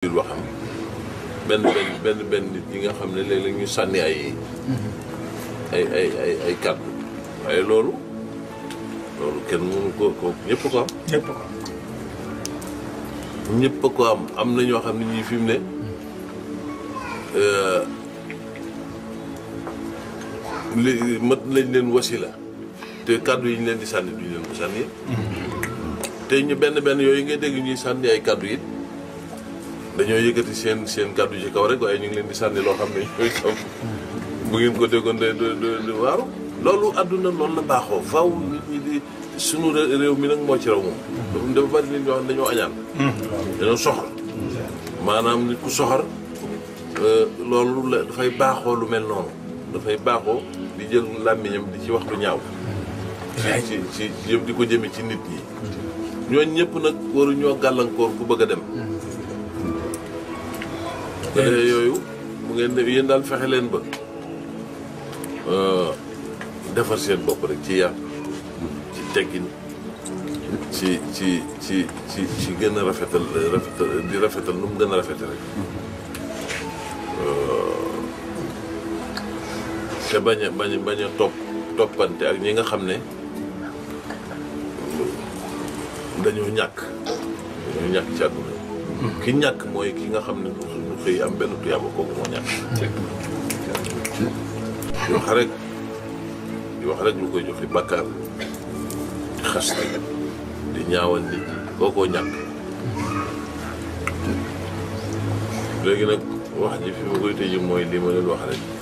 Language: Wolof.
biir waxam ben ben ben ben nit yi nga xam ne léeg-léeg ñu sànni ay ay ay ay ay kàddu waaye loolu loolu kenn mënu ko ko ñëpp ko am ñëpp ko am ñëpp ko am am na ñoo xam ne fi mu ne euh, li mat lañ leen wasila te kàddu yi ñu leen di sànni duñ leen ko sànni mm-hmm. te ñu benn benn yooyu ngay dégg ñuy sànni ay kàddu it dañoo yëkkati seen seen kàddu ci kaw rek waaye ñu ngi leen di sànni loo xam ne ñooy xam bu ngeen ko déggoon de de waaru loolu àdduna loolu la baaxoo faw nit ñi di sunu réew mi nag moo ci raw moom dafa bari nit dañoo añaan dañoo soxor ku soxor euh, loolu dafay baaxoo lu mel noonu dafay baaxoo di jël làmmiñam di ci wax lu ñaaw ci di ko jëme ci nit ñi ñooñ ñëpp nag waruñoo gàllankoor ku bëgg a dem bu dee yooyu mu ngeen def yéen daal fexe leen ba euh, defar seen bopp rek ci yar ci teggin ci ci ci ci ci gën a rafetal rafetal di rafetal nu mu gën a rafete rek euh, ki ñàkk mooy ki nga xam ne suñu pas am benn tuyaaba kooku moo de di wax rek di wax rek lu koy joxe bàkkaar di xas di ñaawal peu de temps. léegi nag wax fi de koy et li